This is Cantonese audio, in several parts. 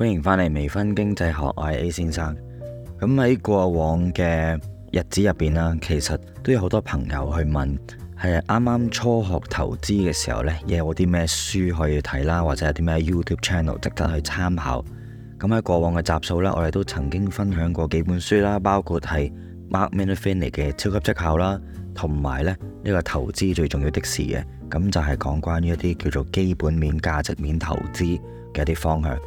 歡迎翻嚟微醺經濟學，我係 A 先生。咁喺過往嘅日子入邊啦，其實都有好多朋友去問，係啱啱初學投資嘅時候呢，有冇啲咩書可以睇啦，或者有啲咩 YouTube channel 值得去參考？咁喺過往嘅集數呢，我哋都曾經分享過幾本書啦，包括係 Mark Minnick 嘅《超級績效》啦，同埋咧呢個投資最重要的事嘅，咁就係講關於一啲叫做基本面、價值面投資嘅一啲方向。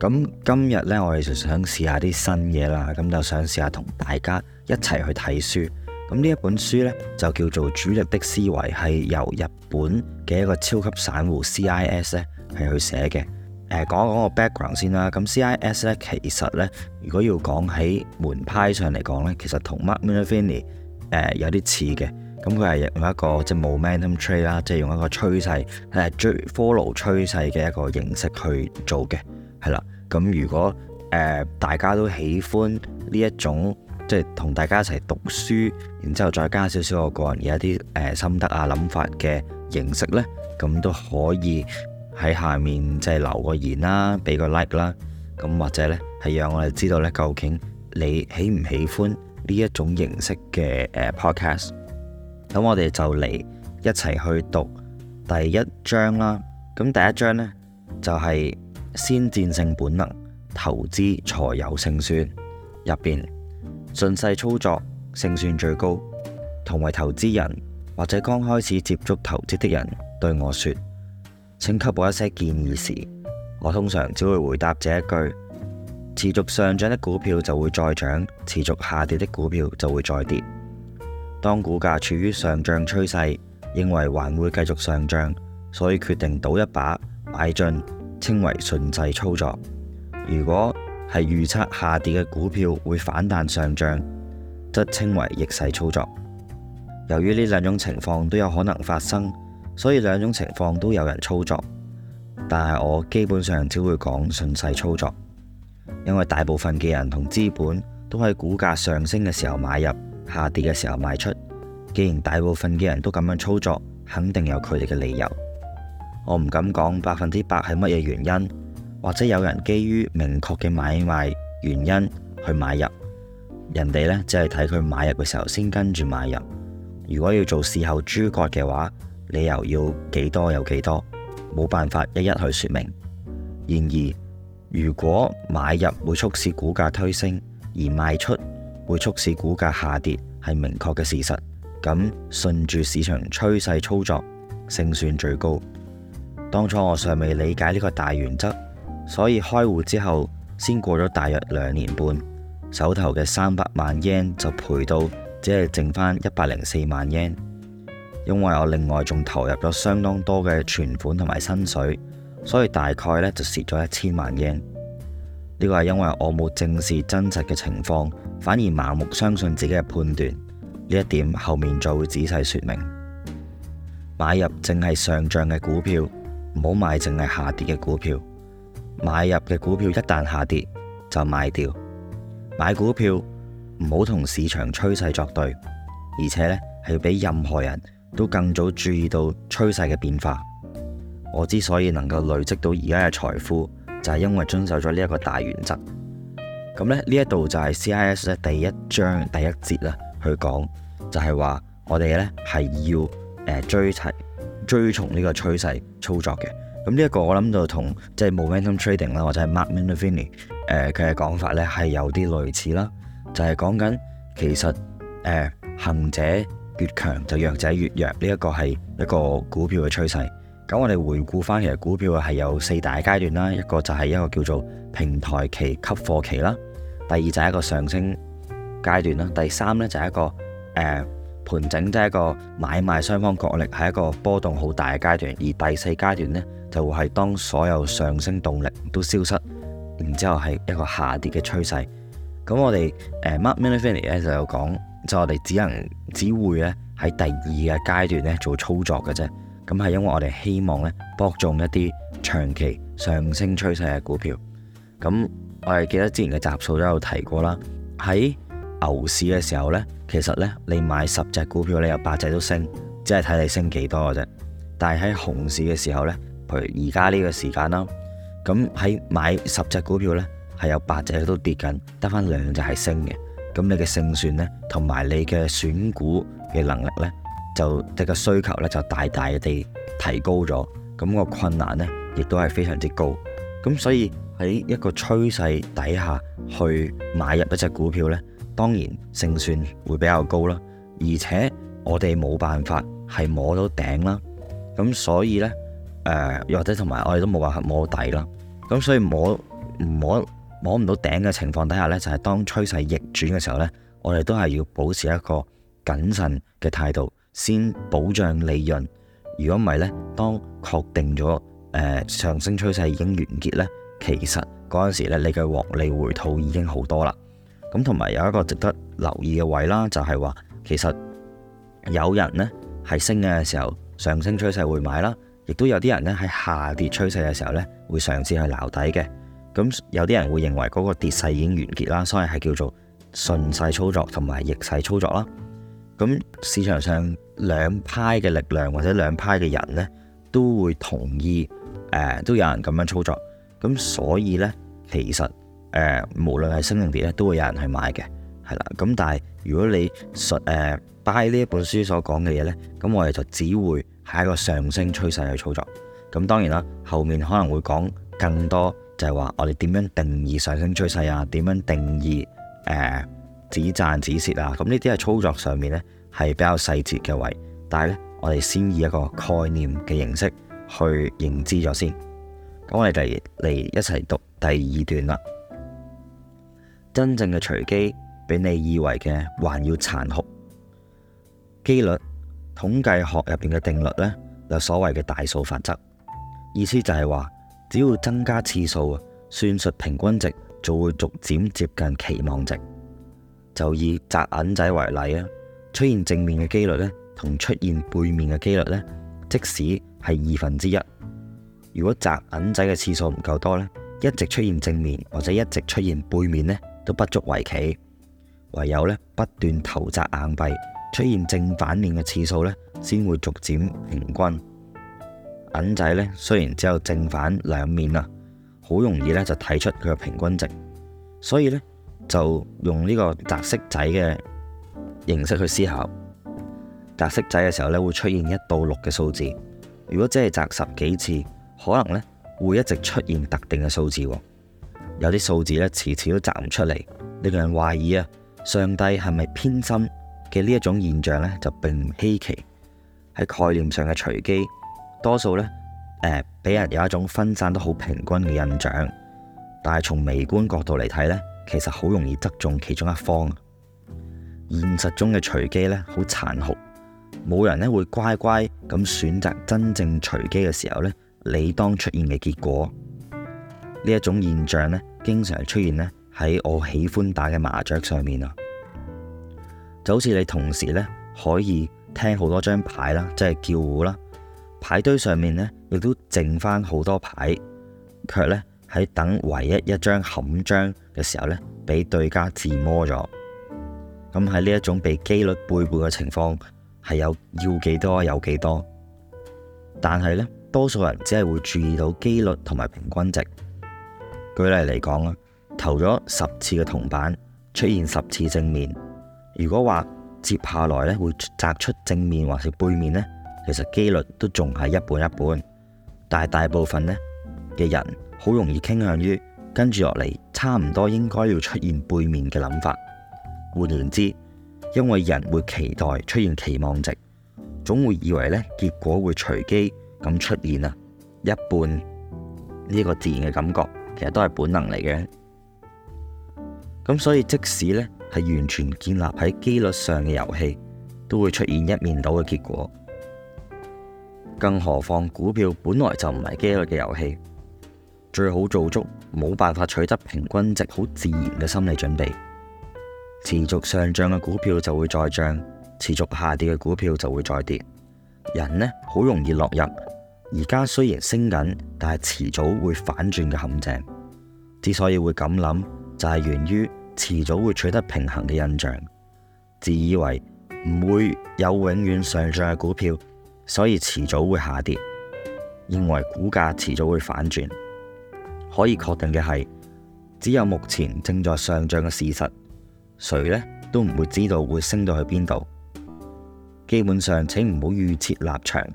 咁今日咧，我哋就想試下啲新嘢啦，咁就想試下同大家一齊去睇書。咁呢一本書咧就叫做《主力的思維》，係由日本嘅一個超級散戶 CIS 咧係去寫嘅。誒、呃、講一講個 background 先啦。咁 CIS 咧其實咧，如果要講喺門派上嚟講咧，其實同 Mark Minervini 誒、呃、有啲似嘅。咁佢係用一個即係、就、冇、是、momentum trade 啦，即係用一個趨勢係 follow 趨勢嘅一個形式去做嘅。係啦，咁如果誒、呃、大家都喜歡呢一種，即係同大家一齊讀書，然之後再加少少我個人嘅一啲誒、呃、心得啊、諗法嘅形式呢，咁都可以喺下面即係留個言啦，俾個 like 啦，咁或者呢係讓我哋知道呢，究竟你喜唔喜歡呢一種形式嘅誒、呃、Podcast？咁我哋就嚟一齊去讀第一章啦。咁第一章呢，就係、是。先戰勝本能，投資才有勝算。入邊順勢操作勝算最高。同為投資人或者剛開始接觸投資的人對我說，請給我一些建議時，我通常只會回答這一句：持續上漲的股票就會再漲，持續下跌的股票就會再跌。當股價處於上漲趨勢，認為還會繼續上漲，所以決定賭一把，買進。稱為順勢操作。如果係預測下跌嘅股票會反彈上漲，則稱為逆勢操作。由於呢兩種情況都有可能發生，所以兩種情況都有人操作。但係我基本上只會講順勢操作，因為大部分嘅人同資本都喺股價上升嘅時候買入，下跌嘅時候賣出。既然大部分嘅人都咁樣操作，肯定有佢哋嘅理由。我唔敢講百分之百係乜嘢原因，或者有人基於明確嘅買賣原因去買入，人哋呢，只係睇佢買入嘅時候先跟住買入。如果要做事後諸葛嘅話，理由要幾多有幾多，冇辦法一一去説明。然而，如果買入會促使股價推升，而賣出會促使股價下跌，係明確嘅事實。咁順住市場趨勢操作，勝算最高。當初我尚未理解呢個大原則，所以開戶之後先過咗大約兩年半，手頭嘅三百萬日圓就賠到只係剩翻一百零四萬日圓。因為我另外仲投入咗相當多嘅存款同埋薪水，所以大概呢就蝕咗一千萬日圓。呢個係因為我冇正視真實嘅情況，反而盲目相信自己嘅判斷，呢一點後面再會仔細說明。買入正係上漲嘅股票。唔好買淨係下跌嘅股票，買入嘅股票一旦下跌就賣掉。買股票唔好同市場趨勢作對，而且呢係要比任何人都更早注意到趨勢嘅變化。我之所以能夠累積到而家嘅財富，就係、是、因為遵守咗呢一個大原則。咁呢，呢一度就係 CIS 咧第一章第一節啦，去講就係、是、話我哋呢係要、呃、追齊。追從呢個趨勢操作嘅，咁呢一個我諗就同、是、即係 momentum trading 啦，或者係 Mark Minervini 誒、呃、佢嘅講法呢，係有啲類似啦，就係講緊其實誒、呃、行者越強就弱者越弱呢一、呢個係一個股票嘅趨勢。咁我哋回顧返其實股票係有四大階段啦，一個就係一個叫做平台期、吸貨期啦，第二就係一個上升階段啦，第三呢就係一個誒。呃盤整即係、就是、一個買賣雙方角力係一個波動好大嘅階段，而第四階段呢，就係當所有上升動力都消失，然之後係一個下跌嘅趨勢。咁我哋誒、呃、Mark Minervini 咧就有講，就我哋只能只會咧喺第二嘅階段咧做操作嘅啫。咁係因為我哋希望咧博中一啲長期上升趨勢嘅股票。咁我哋記得之前嘅集數都有提過啦，喺牛市嘅時候呢，其實呢，你買十隻股票咧，有八隻都升，即係睇你升幾多嘅啫。但係喺熊市嘅時候呢，譬如而家呢個時間啦，咁喺買十隻股票呢，係有八隻都跌緊，得翻兩隻係升嘅。咁你嘅勝算呢，同埋你嘅選股嘅能力呢，就嘅需求呢，就大大地提高咗。咁個困難呢，亦都係非常之高。咁所以喺一個趨勢底下去買入一隻股票呢。當然勝算會比較高啦，而且我哋冇辦法係摸到頂啦，咁所以呢，誒、呃，或者同埋我哋都冇辦法摸到底啦，咁所以摸摸摸唔到頂嘅情況底下呢，就係、是、當趨勢逆轉嘅時候呢，我哋都係要保持一個謹慎嘅態度，先保障利潤。如果唔係呢，當確定咗、呃、上升趨勢已經完結呢，其實嗰陣時呢，你嘅獲利回吐已經好多啦。咁同埋有一個值得留意嘅位啦，就係話其實有人呢係升嘅時候上升趨勢會買啦，亦都有啲人呢喺下跌趨勢嘅時候呢會嘗試去抄底撈底嘅。咁有啲人會認為嗰個跌勢已經完結啦，所以係叫做順勢操作同埋逆勢操作啦。咁市場上兩派嘅力量或者兩派嘅人呢，都會同意，誒都有人咁樣操作。咁所以呢，其實。誒、呃，無論係新型別咧，都會有人去買嘅，係啦。咁但係，如果你實誒呢一本書所講嘅嘢呢，咁我哋就只會係一個上升趨勢去操作。咁當然啦，後面可能會講更多，就係話我哋點樣定義上升趨勢啊？點樣定義誒、呃，止賺止蝕啊？咁呢啲係操作上面呢，係比較細節嘅位，但係呢，我哋先以一個概念嘅形式去認知咗先。咁我哋嚟一齊讀第二段啦。真正嘅隨機比你以為嘅還要殘酷。幾率統計學入邊嘅定律呢，有所謂嘅大數法則，意思就係話，只要增加次數啊，算術平均值就會逐漸接近期望值。就以擲銀仔為例啊，出現正面嘅幾率呢，同出現背面嘅幾率呢，即使係二分之一。如果擲銀仔嘅次數唔夠多呢，一直出現正面或者一直出現背面呢，都不足為奇，唯有咧不斷投擲硬幣，出現正反面嘅次數咧，先會逐漸平均。銀仔咧雖然只有正反兩面啊，好容易咧就睇出佢嘅平均值，所以咧就用呢個擲色仔嘅形式去思考。擲色仔嘅時候咧會出現一到六嘅數字，如果只係擲十幾次，可能咧會一直出現特定嘅數字喎。有啲數字咧，次次都摘唔出嚟，令人懷疑啊！上帝係咪偏心嘅。呢一種現象呢，就並唔稀奇。喺概念上嘅隨機，多數呢，誒、呃、俾人有一種分散得好平均嘅印象，但係從微觀角度嚟睇呢，其實好容易側重其中一方。現實中嘅隨機呢，好殘酷，冇人呢會乖乖咁選擇真正隨機嘅時候呢，理當出現嘅結果。呢一種現象咧，經常出現咧喺我喜歡打嘅麻雀上面啊，就好似你同時咧可以聽好多張牌啦，即係叫胡啦，牌堆上面咧亦都剩翻好多牌，卻咧喺等唯一一張冚張嘅時候咧，俾對家自摸咗。咁喺呢一種被機率背叛嘅情況，係有要幾多有幾多，但係呢，多數人只係會注意到機率同埋平均值。舉例嚟講啊，投咗十次嘅銅板出現十次正面，如果話接下來呢會擲出正面或是背面呢，其實機率都仲係一半一半。但係大部分呢嘅人好容易傾向於跟住落嚟差唔多應該要出現背面嘅諗法。換言之，因為人會期待出現期望值，總會以為呢結果會隨機咁出現啊，一半呢個自然嘅感覺。其實都係本能嚟嘅，咁所以即使呢係完全建立喺機率上嘅遊戲，都會出現一面倒嘅結果。更何況股票本來就唔係機率嘅遊戲，最好做足冇辦法取得平均值，好自然嘅心理準備。持續上漲嘅股票就會再漲，持續下跌嘅股票就會再跌。人呢，好容易落入。而家雖然升緊，但係遲早會反轉嘅陷阱。之所以會咁諗，就係源於遲早會取得平衡嘅印象，自以為唔會有永遠上漲嘅股票，所以遲早會下跌，認為股價遲早會反轉。可以確定嘅係，只有目前正在上漲嘅事實，誰呢都唔會知道會升到去邊度。基本上，請唔好預設立場。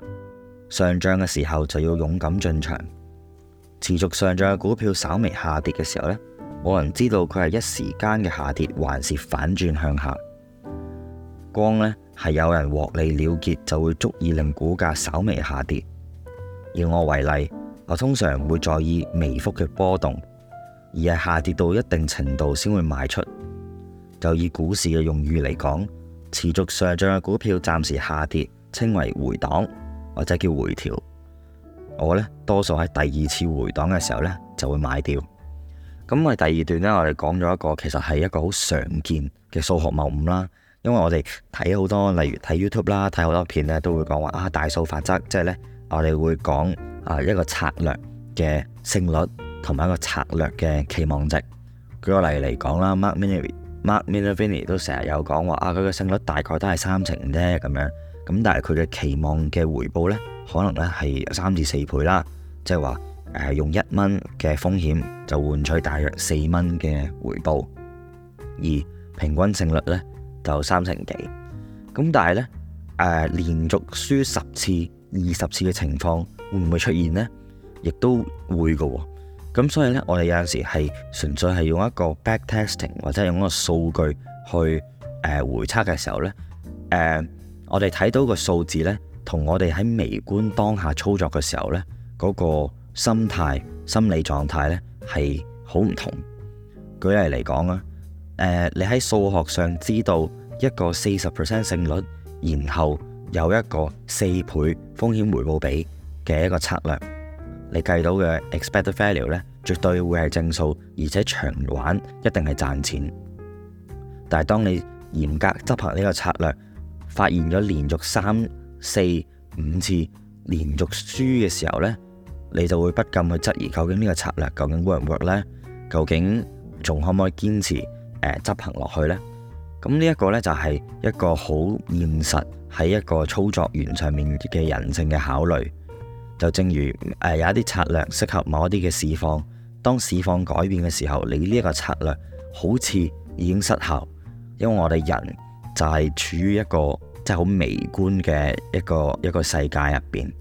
上漲嘅時候就要勇敢進場，持續上漲嘅股票稍微下跌嘅時候呢，冇人知道佢係一時間嘅下跌，還是反轉向下。光呢係有人獲利了結，就會足以令股價稍微下跌。以我為例，我通常唔會在意微幅嘅波動，而係下跌到一定程度先會賣出。就以股市嘅用語嚟講，持續上漲嘅股票暫時下跌，稱為回檔。或者叫回調，我呢，多數喺第二次回檔嘅時候呢就會買掉。咁係第二段呢，我哋講咗一個其實係一個好常見嘅數學謬誤啦。因為我哋睇好多，例如睇 YouTube 啦，睇好多片呢都會講話啊大數法則，即係呢，我哋會講啊一個策略嘅勝率同埋一個策略嘅期望值。舉個例嚟講啦，Mark Minervini，Mark Minervini 都成日有講話啊，佢嘅勝率大概都係三成啫咁樣。咁但係佢嘅期望嘅回報呢，可能呢係三至四倍啦，即係話誒用一蚊嘅風險就換取大約四蚊嘅回報，而平均勝率呢，就三成幾。咁但係呢，誒、啊、連續輸十次、二十次嘅情況會唔會出現呢？亦都會㗎喎。咁所以呢，我哋有陣時係純粹係用一個 backtesting 或者用一個數據去誒、啊、回測嘅時候呢。誒、啊。我哋睇到個數字呢，同我哋喺微觀當下操作嘅時候呢，嗰個心態、心理狀態呢係好唔同。舉例嚟講啊，誒，你喺數學上知道一個四十 percent 勝率，然後有一個四倍風險回報比嘅一個策略，你計到嘅 expected value 呢，絕對會係正數，而且長玩一定係賺錢。但係當你嚴格執行呢個策略，發現咗連續三四五次連續輸嘅時候呢，你就會不禁去質疑究竟呢個策略究竟 work 唔 work 呢？究竟仲可唔可以堅持誒執行落去呢？咁呢一個呢，就係一個好現實喺一個操作員上面嘅人性嘅考慮。就正如誒、呃、有一啲策略適合某一啲嘅市況，當市況改變嘅時候，你呢個策略好似已經失效，因為我哋人，就係處於一個即係好微觀嘅一個一個世界入邊，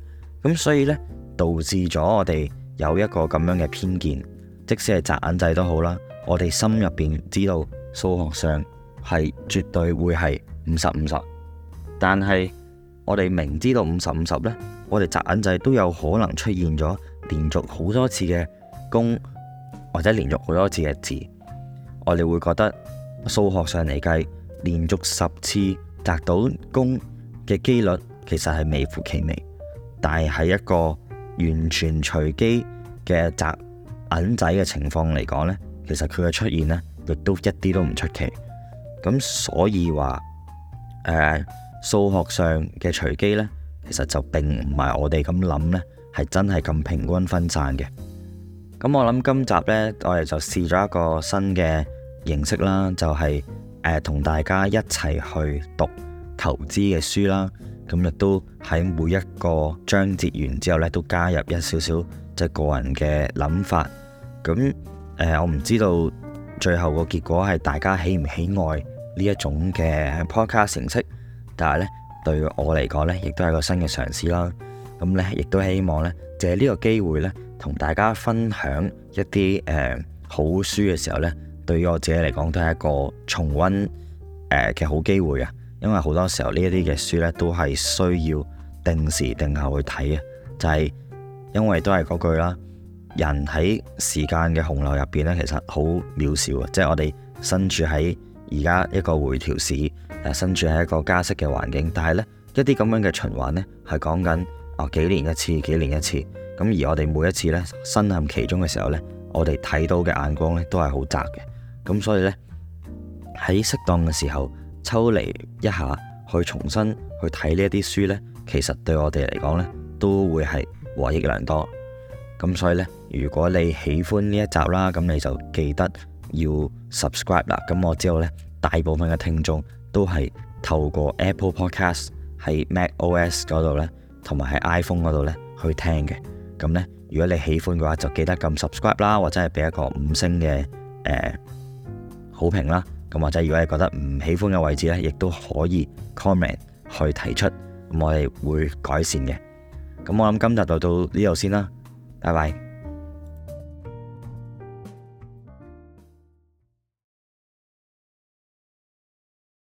咁所以呢，導致咗我哋有一個咁樣嘅偏見，即使係擲銀仔都好啦，我哋心入邊知道數學上係絕對會係五十五十，但係我哋明知道五十五十呢，我哋擲銀仔都有可能出現咗連續好多次嘅公或者連續好多次嘅字，我哋會覺得數學上嚟計。連續十次擲到公嘅機率其實係微乎其微，但係一個完全隨機嘅擲銀仔嘅情況嚟講呢，其實佢嘅出現呢亦都一啲都唔出奇。咁所以話，誒，數學上嘅隨機呢，其實就並唔係我哋咁諗呢係真係咁平均分散嘅。咁我諗今集呢，我哋就試咗一個新嘅形式啦，就係、是。同大家一齊去讀投資嘅書啦，咁亦都喺每一個章節完之後咧，都加入一少少即係個人嘅諗法。咁我唔知道最後個結果係大家喜唔喜愛呢一種嘅 podcast 形式，但係咧對我嚟講咧，亦都係個新嘅嘗試啦。咁咧，亦都希望咧借呢個機會咧，同大家分享一啲好書嘅時候咧。對於我自己嚟講，都係一個重溫嘅好機會啊！因為好多時候呢一啲嘅書咧，都係需要定時定候去睇啊。就係因為都係嗰句啦，人喺時間嘅洪流入邊呢，其實好渺小啊！即係我哋身處喺而家一個回調市，誒身處喺一個加息嘅環境，但係呢，一啲咁樣嘅循環呢，係講緊哦幾年一次，幾年一次。咁而我哋每一次呢，身陷其中嘅時候呢，我哋睇到嘅眼光呢，都係好窄嘅。咁所以呢，喺適當嘅時候抽離一下，去重新去睇呢一啲書呢，其實對我哋嚟講呢，都會係獲益良多。咁所以呢，如果你喜歡呢一集啦，咁你就記得要 subscribe 啦。咁我知道呢，大部分嘅聽眾都係透過 Apple Podcast 喺 Mac OS 嗰度呢，同埋喺 iPhone 嗰度呢去聽嘅。咁呢，如果你喜歡嘅話，就記得撳 subscribe 啦，或者係俾一個五星嘅誒。呃好評啦，咁或者如果你覺得唔喜歡嘅位置咧，亦都可以 comment 去提出，咁我哋會改善嘅。咁我諗今日就到呢度先啦，拜拜。